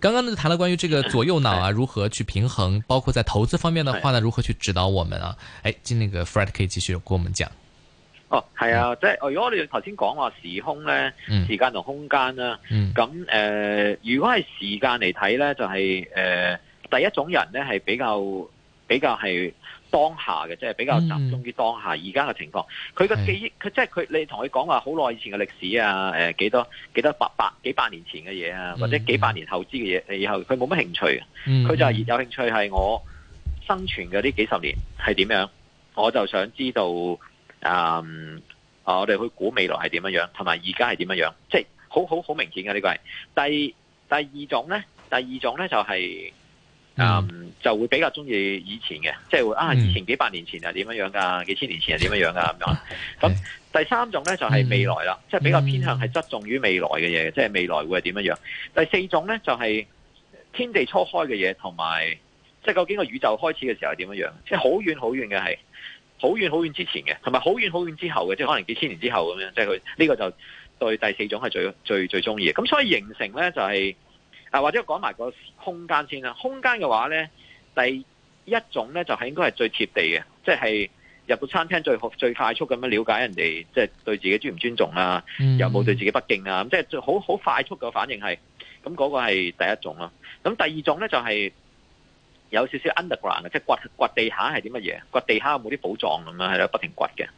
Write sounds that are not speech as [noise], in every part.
剛剛呢談咗關於這個左右腦啊，如何去平衡，包括在投資方面的話呢，如何去指導我們啊？誒，今天那個 Fred 可以繼續跟我們講。哦，係啊，即係，如果你頭先講話時空咧，嗯、時間同空間啦，咁誒、嗯呃，如果係時間嚟睇咧，就係、是、誒、呃，第一種人咧係比較。比較係當下嘅，即係比較集中於當下而家嘅情況。佢個、mm hmm. 記憶，佢即係佢，你同佢講話好耐以前嘅歷史啊，誒，幾多幾多百百幾百年前嘅嘢啊，或者幾百年後知嘅嘢以後，佢冇乜興趣。佢就係有興趣係我生存嘅呢幾十年係點樣，我就想知道、嗯、啊，我哋去估未來係點樣，同埋而家係點樣，即係好好好明顯嘅呢個係。第第二種咧，第二種咧就係、是。嗯，就會比較中意以前嘅，即係會啊，以前幾百年前係點樣樣噶，幾千年前係點樣樣噶咁樣。咁第三種咧就係、是、未來啦，嗯、即係比較偏向係側重於未來嘅嘢，嗯、即係未來會係點樣樣。第四種咧就係、是、天地初開嘅嘢，同埋即係究竟個宇宙開始嘅時候係點樣樣？即係好遠好遠嘅，係好遠好遠之前嘅，同埋好遠好遠之後嘅，即係可能幾千年之後咁樣。即係佢呢個就對第四種係最最最中意。咁所以形成咧就係、是。啊，或者我講埋個空間先啦。空間嘅話咧，第一種咧就係、是、應該係最貼地嘅，即、就、係、是、入到餐廳最最快速咁樣了解人哋，即、就、係、是、對自己尊唔尊重啦、啊，mm hmm. 又冇對自己不敬啊？咁即係好好快速嘅反應係，咁嗰個係第一種咯、啊。咁第二種咧就係、是、有少少 underground 即係、就是、掘掘地下係啲乜嘢？掘地下有冇啲寶藏咁樣係咯，不停掘嘅。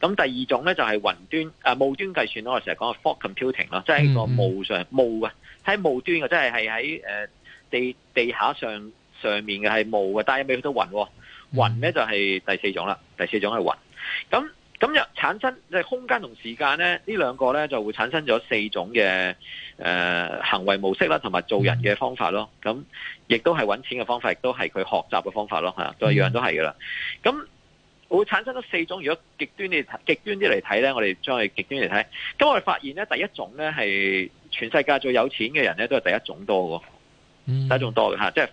咁第二種咧就係、是、雲端啊，霧端計算咯，我成日講啊，fog computing 咯，即係個霧上霧啊。Hmm. 喺霧端嘅，即係係喺誒地地下上上面嘅係霧嘅，但係未去到雲。雲咧、嗯、就係、是、第四種啦，第四種係雲。咁咁又產生即係、就是、空間同時間咧呢兩個咧就會產生咗四種嘅誒、呃、行為模式啦，同埋做人嘅方法咯。咁、嗯、亦都係揾錢嘅方法，亦都係佢學習嘅方法咯。都係樣樣都係噶啦。咁會產生咗四種。如果極端啲極端啲嚟睇咧，我哋將佢極端嚟睇。咁我哋發現咧，第一種咧係、是全世界最有錢嘅人咧，都係第一種多嘅。嗯、第一種多嘅嚇，即係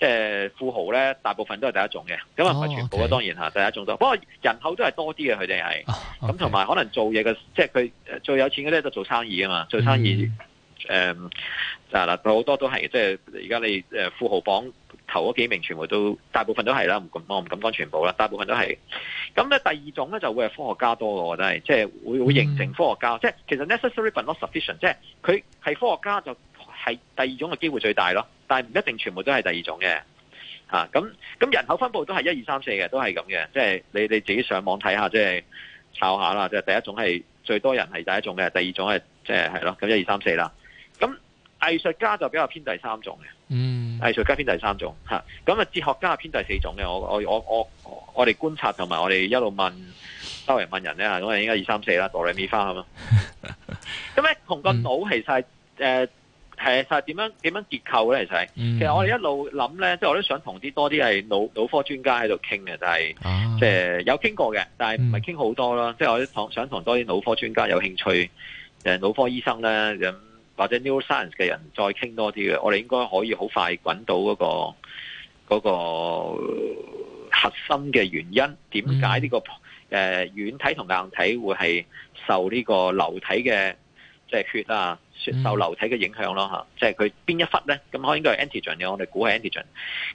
即係富豪咧，大部分都係第一種嘅，咁啊唔係全部啊，哦 okay、當然嚇第一種多，不過人口都係多啲嘅佢哋係，咁同埋可能做嘢嘅，即係佢最有錢嗰啲都做生意啊嘛，做生意誒就係啦，好、嗯嗯嗯、多都係，即係而家你誒富豪榜。頭嗰幾名全部都大部分都係啦，唔敢我唔敢講全部啦，大部分都係。咁咧第二種咧就會係科學家多嘅，真係，即係會會形成科學家，即係其實 necessary but not sufficient，即係佢係科學家就係第二種嘅機會最大咯，但係唔一定全部都係第二種嘅嚇。咁咁人口分布都係一二三四嘅，都係咁嘅，即係你你自己上網睇下，即係抄下啦。即係第一種係最多人係第一種嘅，第二種係即係係咯，咁一二三四啦。咁藝術家就比較偏第三種嘅，嗯。藝術家偏第三種，吓，咁啊！哲學家偏第四種嘅，我我我我我哋觀察同埋我哋一路問周圍問人咧，咁啊應該二三四啦，朵蕾米花係嘛？咁咧，同個腦其實誒，係、呃、實點樣點樣結構咧？其實、嗯，其實我哋一路諗咧，即係我都想同啲多啲係腦腦科專家喺度傾嘅，但係、嗯、即係有傾過嘅，但係唔係傾好多啦。即係我都想同多啲腦科專家有興趣誒，腦、就是、科醫生咧咁。嗯或者 neuroscience 嘅人再傾多啲嘅，我哋應該可以好快揾到嗰個嗰個核心嘅原因，點解呢個誒軟體同硬體會係受呢個流體嘅即係血啊，受流體嘅影響咯吓，即係佢邊一忽咧？咁可能應該係 antigen 嘅，我哋估係 antigen。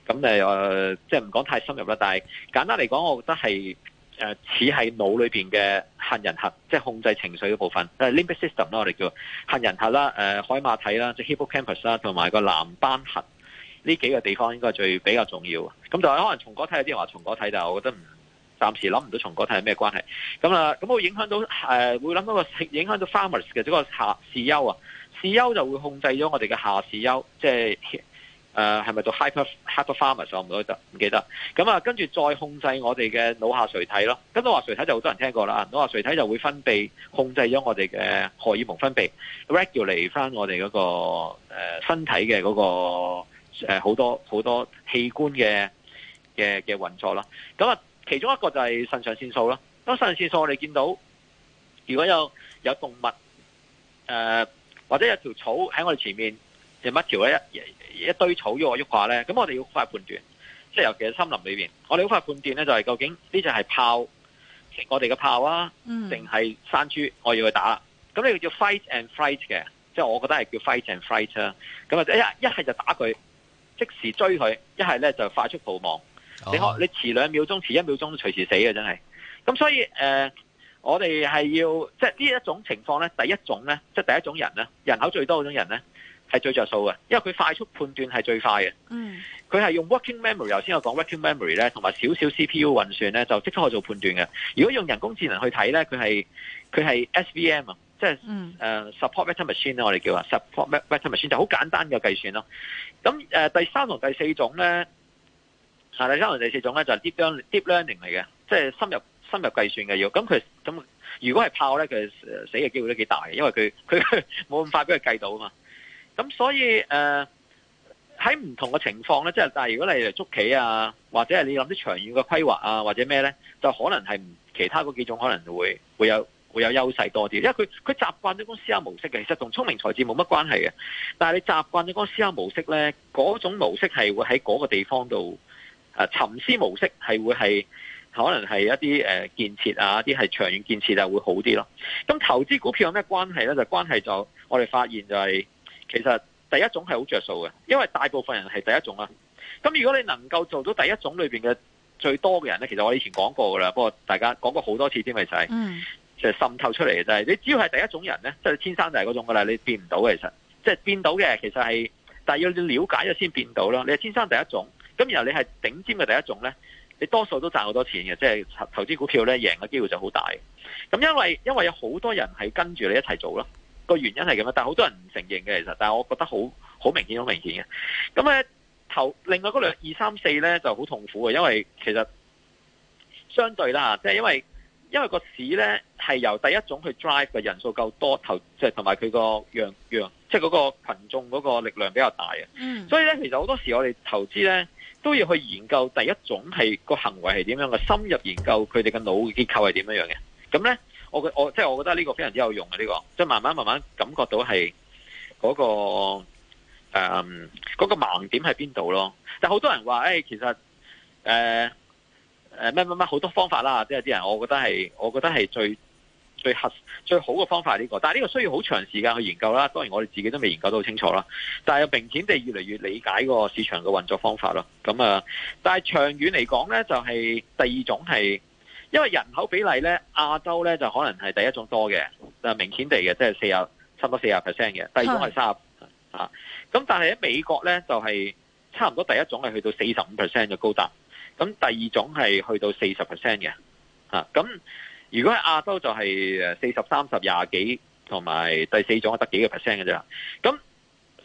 咁誒誒即係唔講太深入啦，但係簡單嚟講我覺得係。誒、呃、似係腦裏面嘅杏仁核，即係控制情緒嘅部分，誒、啊、limbic system 啦，我哋叫杏仁核啦、呃，海馬體啦，即係 hippocampus 啦，同埋、ok 啊、個藍斑核呢幾個地方應該最比較重要。咁就係可能松果體有啲人話松果體，但係我覺得唔，暫時諗唔到松果體係咩關係。咁啊，咁會影響到誒、呃、會諗到個影響到 f a r m e r s 嘅即個下視丘啊，視丘就會控制咗我哋嘅下視丘，即係。誒係咪做 hy hypothalamus 我唔記得唔記得咁啊？跟住再控制我哋嘅腦下垂體咯。咁腦下垂體就好多人聽過啦。腦下垂體就會分泌控制咗我哋嘅荷爾蒙分泌，regulate 翻我哋嗰、嗰個身、呃、體嘅嗰、嗰個好、呃、多好多器官嘅嘅嘅運作啦。咁啊，其中一個就係腎上腺素啦。咁腎上腺素我哋見到如果有有動物誒、呃、或者有條草喺我哋前面。有乜條一一堆草喐喐下咧？咁我哋要快判斷，即係尤其係森林裏邊，我哋要快判斷咧，就係究竟呢隻係炮，我哋嘅炮啊，定係山豬我要去打？咁呢個叫 fight and flight 嘅，即係我覺得係叫 fight and flight 啊。咁啊，一一係就打佢，即時追佢；一係咧就快速逃亡。你可你遲兩秒鐘、遲一秒鐘，都隨時死嘅真係。咁所以誒、呃，我哋係要即係呢一種情況咧，第一種咧，即係第一種人咧，人口最多嗰種人咧。係最着數嘅，因為佢快速判斷係最快嘅。嗯，佢係用 working memory 頭先我講 working memory 咧，同埋少少 C P U 運算咧就即刻可以做判斷嘅。如果用人工智能去睇咧，佢係佢係 S V M 啊，即係誒 support vector machine 我哋叫啊 support vector machine 就好簡單嘅計算咯。咁誒第三同第四種咧，第三同第四種咧就係 deep learning 嚟嘅，即係深入深入計算嘅要。咁佢咁如果係炮咧，佢死嘅機會都幾大嘅，因為佢佢冇咁快俾佢計到啊嘛。咁所以誒喺唔同嘅情況咧，即係但係如果你嚟捉棋啊，或者係你諗啲長遠嘅規劃啊，或者咩咧，就可能係其他嗰幾種可能會會有會有優勢多啲，因為佢佢習慣咗嗰思考模式嘅，其實同聰明才智冇乜關係嘅。但係你習慣咗嗰思考模式咧，嗰種模式係會喺嗰個地方度啊、呃、沉思模式係會係可能係一啲誒、呃、建設啊，一啲係長遠建設就、啊、會好啲咯。咁投資股票有咩關係咧？就關係就我哋發現就係、是。其實第一種係好着數嘅，因為大部分人係第一種啦。咁如果你能夠做到第一種裏邊嘅最多嘅人咧，其實我以前講過噶啦，不過大家講過好多次添，咪就係，就滲透出嚟嘅就係，你只要係第一種人咧，即係天生就係嗰種噶啦，你變唔到嘅其實。即係變到嘅，其實係，但係要了解咗先變到咯。你係天生第一種，咁然後你係頂尖嘅第一種咧，你多數都賺好多錢嘅，即係投資股票咧，贏嘅機會就好大。咁因為因為有好多人係跟住你一齊做咯。個原因係咁樣，但係好多人唔承認嘅，其實，但係我覺得好好明顯，好明顯嘅。咁咧，投另外嗰兩二三四咧就好痛苦嘅，因為其實相對啦，即係因為因為個市咧係由第一種去 drive 嘅人數夠多，投即係同埋佢個樣樣，即係嗰個群眾嗰個力量比較大嘅。嗯。所以咧，其實好多時我哋投資咧都要去研究第一種係個行為係點樣嘅，深入研究佢哋嘅腦結構係點樣樣嘅。咁咧。我嘅我即係、就是、我覺得呢個非常之有用嘅，啊、呢、這個，即、就、係、是、慢慢慢慢感覺到係嗰、那個誒、嗯那個盲點喺邊度咯。但係好多人話誒、哎，其實誒誒乜乜乜好多方法啦，即係啲人我覺得係我覺得係最最核最好嘅方法呢、這個。但係呢個需要好長時間去研究啦。當然我哋自己都未研究到好清楚啦。但係明顯地越嚟越理解個市場嘅運作方法咯。咁啊，但係長遠嚟講咧，就係、是、第二種係。因為人口比例咧，亞洲咧就可能係第一種多嘅，啊明顯地嘅，即係四十差唔多四十 percent 嘅。第二種係三十啊，咁，但係喺美國咧就係差唔多第一種係去到四十五 percent 嘅高達，咁第二種係去到四十 percent 嘅，嚇咁。如果喺亞洲就係誒四十三十廿幾，同埋第四種得幾個 percent 嘅啫。咁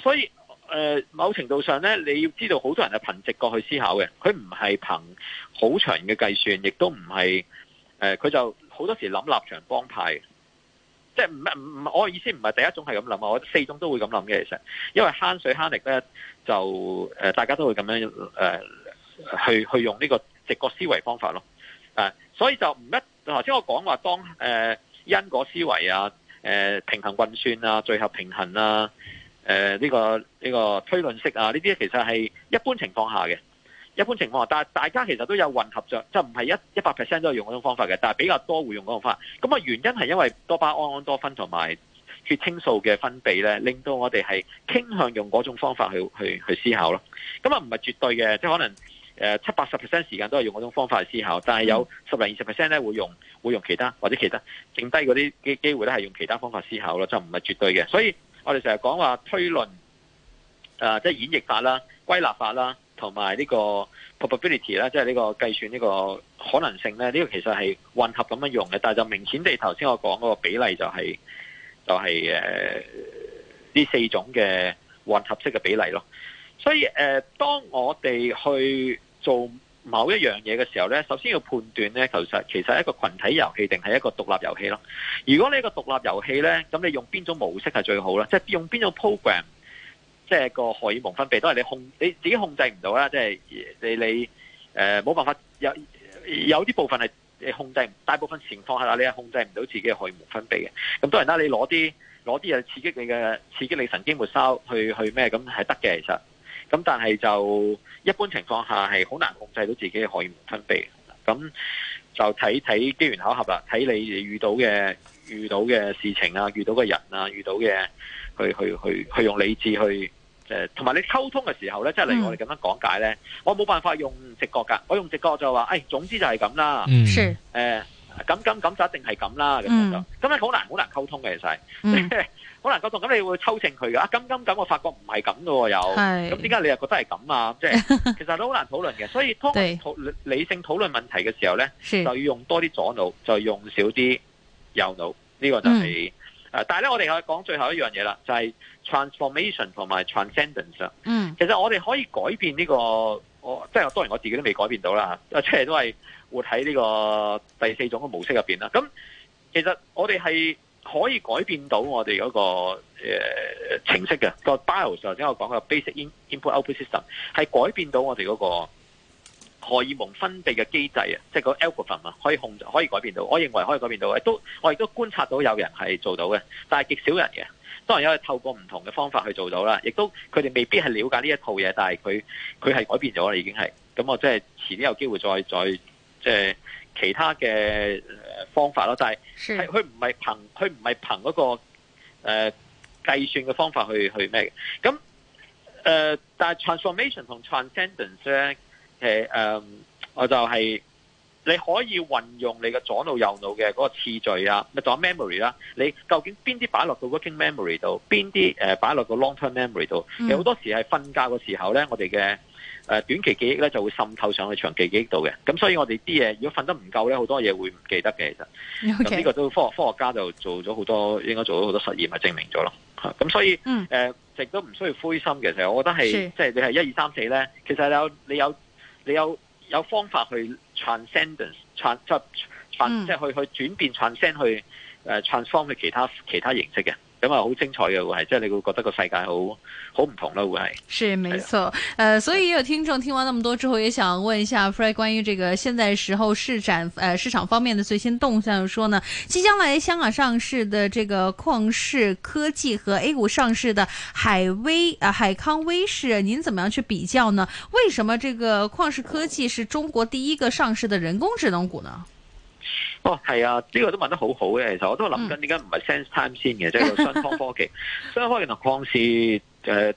所以。誒，某程度上咧，你要知道好多人係憑直覺去思考嘅，佢唔係憑好長嘅計算，亦都唔係誒，佢、呃、就好多時諗立場幫派，即係唔唔唔，我嘅意思唔係第一種係咁諗啊，我四種都會咁諗嘅其實，因為慳水慳力咧就誒、呃，大家都會咁樣誒、呃、去去用呢個直覺思維方法咯，啊、呃，所以就唔一頭先我講話當誒、呃、因果思維啊，誒、呃、平衡運算啊，聚合平衡啊。誒，呢、呃，呢個呢、呢個推論式啊，呢啲其實係一般情況下嘅，一般情況下，但係大家其實都有混合着，就唔係一一百 percent 都係用嗰種方法嘅，但係比較多會用嗰種方法。咁啊，原因係因為多巴胺、安多酚同埋血清素嘅分泌咧，令到我哋係傾向用嗰種方法去去去思考咯。咁啊，唔係絕對嘅，即係可能誒七八十 percent 時間都係用嗰種方法去思考，但係有十零二十 percent 咧會用會用其他或者其他剩低嗰啲機機會咧係用其他方法思考咯，就唔係絕對嘅，所以。我哋成日講話推論，誒、呃，即演繹法啦、歸納法啦，同埋呢個 probability 啦，即係呢個計算呢個可能性咧，呢、呢個其實係混合咁樣用嘅，但係就明顯地，頭先我講嗰個比例就係、係、就係誒呢四種嘅混合式嘅比例咯。所以誒、呃，當我哋去做。某一樣嘢嘅時候呢，首先要判斷呢，其實其實係一個群體遊戲定係一個獨立遊戲咯。如果你一個獨立遊戲呢，咁你用邊種模式係最好咧？即係用邊種 program，即係個荷爾蒙分泌都係你控你自己控制唔到啦。即係你你誒冇辦法，有有啲部分係控制，大部分情況下你係控制唔到自己嘅荷爾蒙分泌嘅。咁當然啦，你攞啲攞啲嘢刺激你嘅刺激你神經末梢，去去咩，咁係得嘅其實。咁但係就一般情況下係好難控制到自己嘅荷爾蒙分泌，咁就睇睇機緣巧合啦，睇你遇到嘅遇到嘅事情啊，遇到嘅人啊，遇到嘅，去去去去用理智去，誒，同埋你溝通嘅時候咧，即係例如我哋咁樣講解咧，我冇辦法用直覺噶，我用直覺就話，誒、哎，總之就係咁啦，嗯，呃、定是，誒、嗯，咁咁咁就一定係咁啦咁樣，咁好難好難溝通嘅其實。嗯 [laughs] 好難溝通，咁你會抽證佢噶？啊，咁咁咁，我發覺唔係咁噶，又咁點解你又覺得係咁啊？即係 [laughs] 其實都好難討論嘅。所以當你理性討論問題嘅時候咧，是就要用多啲左腦，就用少啲右腦。呢、這個就係、是、誒、嗯啊，但係咧，我哋去講最後一樣嘢啦，就係、是、transformation 同埋 transcendence。嗯，其實我哋可以改變呢、這個，我即係當然我自己都未改變到啦，出即係都係活喺呢個第四種嘅模式入邊啦。咁其實我哋係。可以改變到我哋嗰個程式嘅個 bios，頭先我講嘅 basic input output system，係改變到我哋嗰個荷爾蒙分泌嘅機制啊，即係個 algorithm 啊，可以控制，可以改變到。我認為可以改變到嘅，都我亦都觀察到有人係做到嘅，但係極少人嘅。當然因為透過唔同嘅方法去做到啦，亦都佢哋未必係了解呢一套嘢，但係佢佢係改變咗啦，已經係。咁我即係遲啲有機會再再即係、呃、其他嘅方法咯，但係係佢唔係憑佢唔係憑嗰、那個誒、呃、計算嘅方法去去咩嘅，咁誒、呃、但係 transformation 同 transcendence 咧誒誒、呃，我就係、是、你可以運用你嘅左腦右腦嘅嗰個次序啊，咪仲有 memory 啦，你究竟邊啲擺落個 working memory 度，邊啲誒擺落個 long term memory 度，其實好多時係瞓覺嘅時候咧，我哋嘅。誒，短期記憶咧就會滲透上去長期記憶度嘅，咁所以我哋啲嘢如果瞓得唔夠咧，好多嘢會唔記得嘅，其實咁呢 Okay. 個都科學科學家就做咗好多，應該做咗好多實驗，咪證明咗咯。咁所以誒，亦都唔需要灰心嘅是。其實我覺得係即係你係一二三四咧，其實你有你有你有你有，有方法去 transcendence、trans 即係去去轉變 transcend 去誒 transform 去其他其他形式嘅。咁啊，好精彩嘅會係，即係你會覺得個世界好好唔同咯，會係。是，冇錯。誒，的 uh, 所以也有聽眾聽完那麼多之後，也想問一下 Fred 關於這個現在時候市展誒、呃、市場方面的最新動向，說呢，即將來香港上市的這個曠視科技和 A 股上市的海威啊海康威視，您怎麼樣去比較呢？為什麼這個曠視科技是中國第一個上市的人工智能股呢？哦，係啊，呢、這個都問得很好好嘅，其實我都諗緊點解唔係 SenseTime、嗯、先嘅，即、就、係、是、商湯科技， [laughs] 商湯科技同曠視誒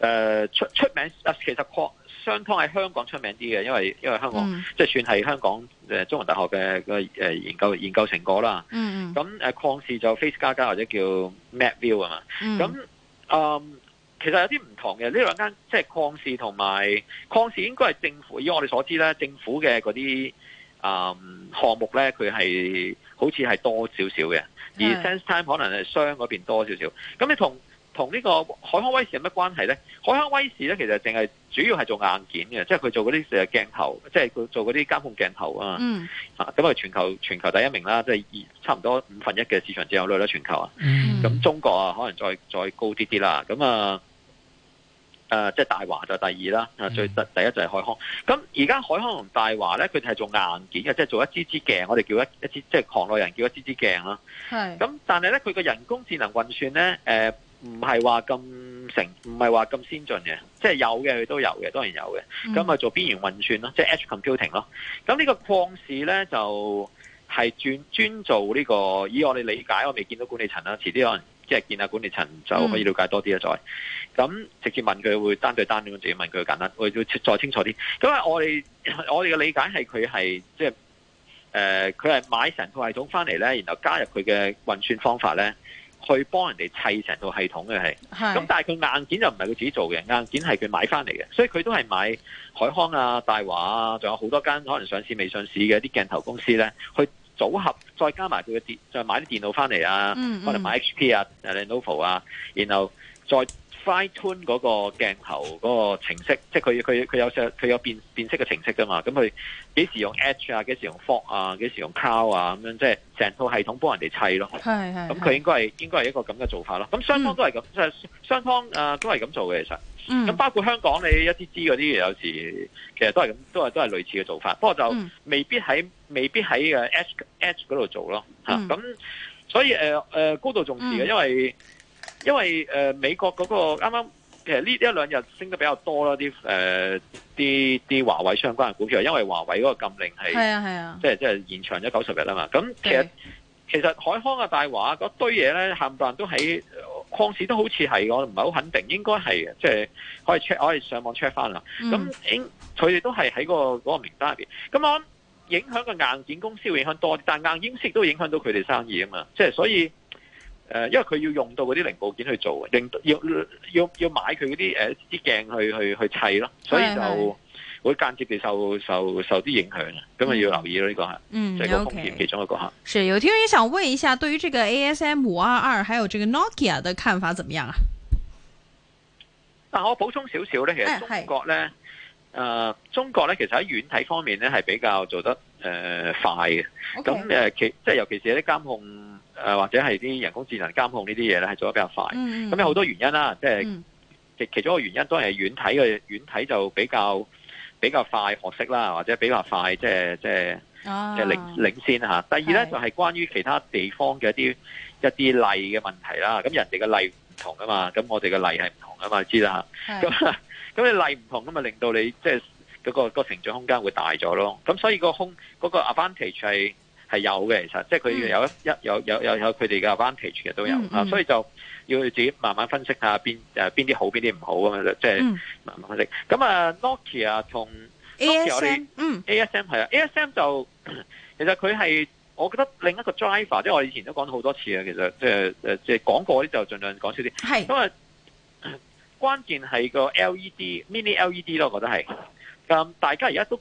誒出出名，呃、其實曠、呃、商湯係香港出名啲嘅，因為因為香港、嗯、即係算係香港誒、呃、中文大學嘅嘅誒研究研究成果啦。咁誒曠視就 Face 加加或者叫 Map View 啊嘛。咁嗯、呃，其實有啲唔同嘅呢兩間，即係曠視同埋曠視應該係政府，以我哋所知咧，政府嘅嗰啲。啊，項、嗯、目咧佢係好似係多少少嘅，而 SenseTime 可能係商嗰邊多少少。咁你同同呢個海康威視有乜關係咧？海康威視咧其實淨係主要係做硬件嘅，即係佢做嗰啲鏡頭，即係佢做嗰啲監控鏡頭啊。咁、嗯、啊，全球全球第一名啦，即係差唔多五分一嘅市場佔有率啦。全球啊。咁、嗯、中國啊，可能再再高啲啲啦。咁啊。呃、即係大華就第二啦，最得第一就係海康。咁而家海康同大華咧，佢哋係做硬件嘅，即係做一支支鏡，我哋叫一一支，即係行內人叫一支支鏡啦。咁是但係咧，佢個人工智能運算咧，唔係話咁成，唔係話咁先進嘅，即係有嘅，佢都有嘅，當然有嘅。咁啊、嗯，做邊緣運算咯，即係 Edge Computing 咯。咁呢個曠視咧就係專專做呢個，以我哋理解，我未見到管理層啦，遲啲可能。即係見下管理層就可以了解多啲一再、嗯，咁直接問佢會單對單咁直接問佢簡單，我會再清楚啲。咁我哋我哋嘅理解係佢係即係誒，佢係買成套系統翻嚟咧，然後加入佢嘅運算方法咧，去幫人哋砌成套系統嘅係。咁是但係佢硬件就唔係佢自己做嘅，硬件係佢買翻嚟嘅，所以佢都係買海康啊、大華啊，仲有好多間可能上市未上市嘅一啲鏡頭公司咧去。組合再加埋佢嘅電，再買啲電腦翻嚟啊，可能嗯嗯買 HP 啊、Lenovo 啊，然後再。Fine tune 嗰個鏡頭嗰個程式，即係佢佢佢有佢有變，變色嘅程式噶嘛？咁佢幾時用 Edge 啊？幾時用 Fog 啊？幾時用 Cloud 啊？咁樣即係成套系統幫人哋砌咯。咁佢是應該係是是 應該係一個咁嘅做法咯。咁雙方都係咁，即係雙、嗯、方誒、呃、都係咁做嘅其實。咁、嗯、包括香港你一啲啲嗰啲嘢，有時其實都係咁，都係都係類似嘅做法，不過就未必喺、嗯、未必喺 Edge Edge 嗰度做咯咁、嗯啊、所以誒誒、呃呃、高度重視嘅，因為。嗯因為誒美國嗰個啱啱其實呢一兩日升得比較多啦啲誒啲啲華為相關嘅股票，因為華為嗰個禁令係，即係即係延長咗九十日啊，係啊係啊即係即係嘛。咁其實對其實海康啊大華嗰堆嘢咧，冚唪唥都喺礦市，都好似係我唔係好肯定，應該係即係可以 check，可以上網 check 翻啦。咁應佢哋都係喺個嗰個名單入邊。咁我諗影響嘅硬件公司會影響多啲，但係硬件亦都會影響到佢哋生意啊嘛。即係所以。誒，因為佢要用到嗰啲零部件去做，令要要要買佢嗰啲誒啲鏡去去去砌咯，所以就會間接地受受受啲影響啊，咁啊要留意咯呢個係，係、嗯、個風險其中一個角、嗯 okay、有聽眾想問一下，對於這個 ASM 五二二還有這個 Nokia、ok、的看法怎麼樣啊？我補充少少咧，其實中國咧，誒、哎呃，中國咧其實喺軟體方面咧係比較做得誒快嘅，咁誒其即係尤其是啲監控。誒或者係啲人工智能監控呢啲嘢咧，係做得比較快。咁、嗯嗯嗯、有好多原因啦，即係其其中一個原因都係軟體嘅軟體就比較比較快學識啦，或者比較快即係即係領、啊、領先嚇。第二咧是的 就係關於其他地方嘅一啲一啲例嘅問題啦。咁人哋嘅例唔同啊嘛，咁我哋嘅例係唔同啊嘛，你知啦。咁咁是的 [laughs] 你例唔同咁啊，令到你即係嗰個成長空間會大咗咯。咁所以嗰個空嗰、嗰個 advantage 係。係有嘅，其實即係佢有一一、嗯、有有有有佢哋嘅 advantage 嘅都有啊，嗯嗯、所以就要自己慢慢分析下邊誒邊啲好邊啲唔好咁啊，即、就、係、是、慢慢分析。咁、嗯、啊，Nokia 同、ok、A S M，嗯，A S M 係啊，A S M 就其實佢係我覺得另一個 driver，即係我以前都講咗好多次啊。其實即係誒即係講過嗰啲就盡量講少啲。係，因為關鍵係個 L E D mini L E D 咯，我覺得係咁、嗯，大家而家都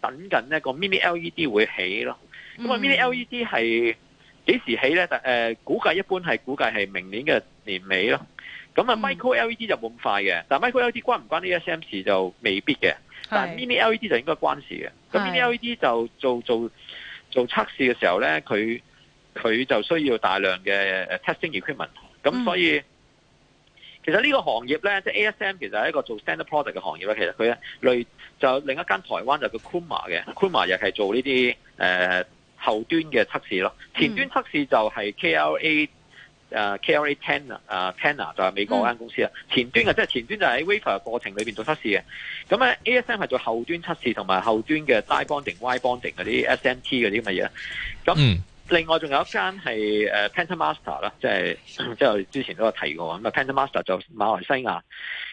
等緊呢個 mini L E D 會起咯。咁啊，mini LED 係幾時起咧？誒、呃，估計一般係估計係明年嘅年尾咯。咁啊，micro LED 就冇咁快嘅，但 micro LED 關唔關啲 ASM 事就未必嘅。但 mini LED 就應該關事嘅。咁 mini 是 LED 就做做做測試嘅時候咧，佢佢就需要大量嘅、uh, testing equipment。咁所以，嗯、其實呢個行業咧，即 ASM 其實係一個做 standard product 嘅行業啦。其實佢呢類就另一間台灣就叫 Chroma 嘅 Chroma 又係做呢啲誒。呃後端嘅測試咯，前端測試就係 KLA，誒 KLA Ten 啊，誒 Tena 就係美國嗰間公司啦、嗯、前端嘅、嗯、即係前端就喺 Wafer 過程裏面做測試嘅。咁咧 ASM 係做後端測試同埋後端嘅 Die Bonding、ing, y Bonding 嗰啲 SMT 嗰啲咁嘅嘢。咁另外仲有一間係 PentaMaster 啦、就是，即係即係我哋之前都有提過咁啊。PentaMaster 就馬來西亞。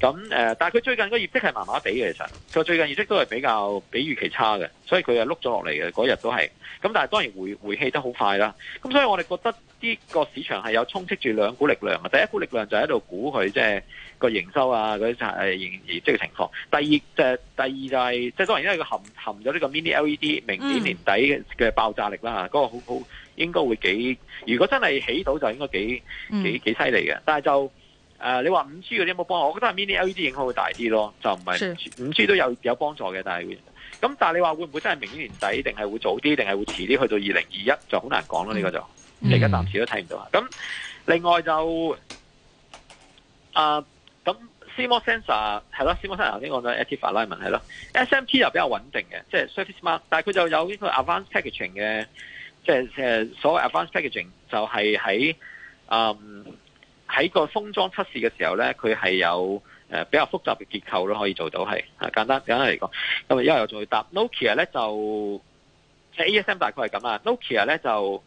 咁誒，但係佢最近個業績係麻麻地嘅，其實佢最近業績都係比較比預期差嘅，所以佢係碌咗落嚟嘅嗰日都係。咁但係當然回回氣得好快啦。咁所以我哋覺得呢個市場係有充斥住兩股力量。第一股力量就喺度估佢即係個營收啊嗰啲就係、是、營業績嘅情況。第二就係、是、第二就係即係當然因為佢含含咗呢個 mini LED 明年年底嘅爆炸力啦嗰、嗯、個好好應該會幾。如果真係起到就應該幾、嗯、幾幾犀利嘅，但係就。誒，uh, 你話五 G 嗰啲有冇幫？我覺得 mini LED 影響會大啲咯，就唔係五 G 都有有幫助嘅。但係，咁但係你話會唔會真係明年底，定係會早啲，定係會遲啲去到二零二一，就好難講咯。呢個就而家暫時都睇唔到。咁、嗯、另外就啊，咁、呃、CMOS Sensor 係咯，CMOS Sensor 呢個呢 Active Alignment 係咯，SMT 又比較穩定嘅，即係 Surface Mark，但係佢就有呢個 Advanced Packaging 嘅，即係所謂 Advanced Packaging 就係喺喺個封裝測試嘅時候咧，佢係有誒、呃、比較複雜嘅結構咯，可以做到係。啊簡單，簡單嚟講，咁啊因為我仲要答 Nokia 咧，就喺 ASM 大概係咁啊。Nokia 咧就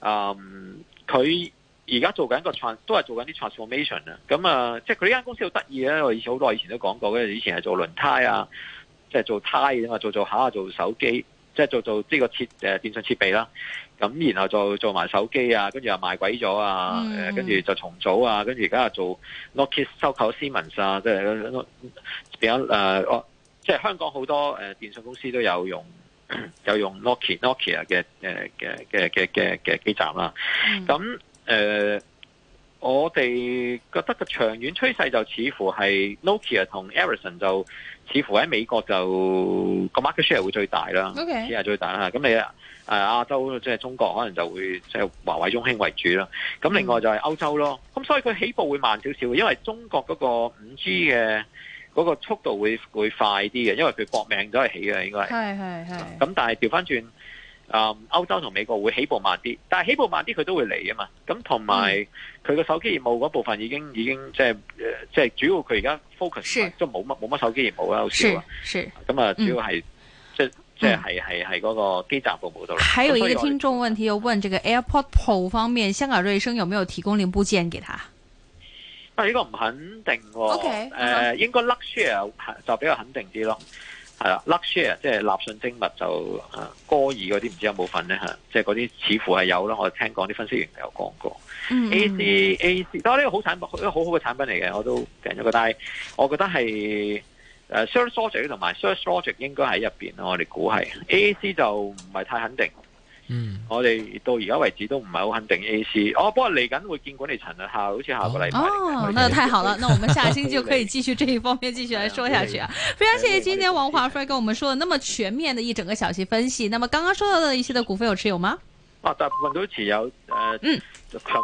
嗯，佢而家做緊個 trans 都係做緊啲 transformation 啊，咁、呃、啊即係佢呢間公司好得意啊。我以前好耐以前都講過，因為以前係做輪胎啊，即、就、係、是、做胎啊嘛，做做下做手機。即係做做呢個設誒電信設備啦，咁然後就做做埋手機啊，跟住又賣鬼咗啊，跟住就重組啊，跟住而家又做 Nokia、ok、收購 Siemens 啊，即係誒，即係香港好多誒電信公司都有用，有用、ok、Nokia Nokia 嘅誒嘅嘅嘅嘅嘅基站啦。咁誒，我哋覺得個長遠趨勢就似乎係 Nokia、ok、同 Ericsson 就。似乎喺美國就個 market share 會最大啦，只係最大啦。咁你誒亞洲即係、就是、中國可能就會即係華為中興為主啦。咁另外就係歐洲咯。咁所以佢起步會慢少少，因為中國嗰個五 G 嘅嗰個速度會、mm. 會快啲嘅，因為佢搏命都係起嘅，應該係係係。咁但係調返轉。啊，歐、嗯、洲同美國會起步慢啲，但係起步慢啲佢都會嚟啊嘛。咁同埋佢個手機業務嗰部分已經、嗯、已經即係，即係主要佢而家 focus，即係冇乜冇乜手機業務啦。是是，咁啊，主要係即係即係係係係嗰個基站服務度。還有一個聽眾問題，要問這個 AirPod Pro 方面，香港瑞聲有沒有提供零部件給他？啊，呢個唔肯定喎、哦。誒、okay, 嗯呃，應該 Luxshare 就比較肯定啲咯。係啦，Luxshare 即係立訊精密就歌爾嗰啲唔知有冇份咧吓，即係嗰啲似乎係有囉。我聽講啲分析員有講過。嗯、A C A C，當然呢個好產品，一個好好嘅產品嚟嘅，我都訂咗個。但係我覺得係誒，Cirrus Logic 同埋 Cirrus Logic 應該喺入邊，我哋估係 A A C 就唔係太肯定。嗯，我哋到而家為止都唔係好肯定 A C，哦，不過嚟緊會見管理層啦，下，好似下個禮拜來哦，始那就太好了， [laughs] 那我們下星期就可以繼續這一方面繼續來說下去啊！ [laughs] 非常謝謝今天王華帥跟我們說的那麼全面的一整個小時分析。那麼剛剛說到的一些的股份有持有嗎？啊，大部分都持有，誒、呃，嗯。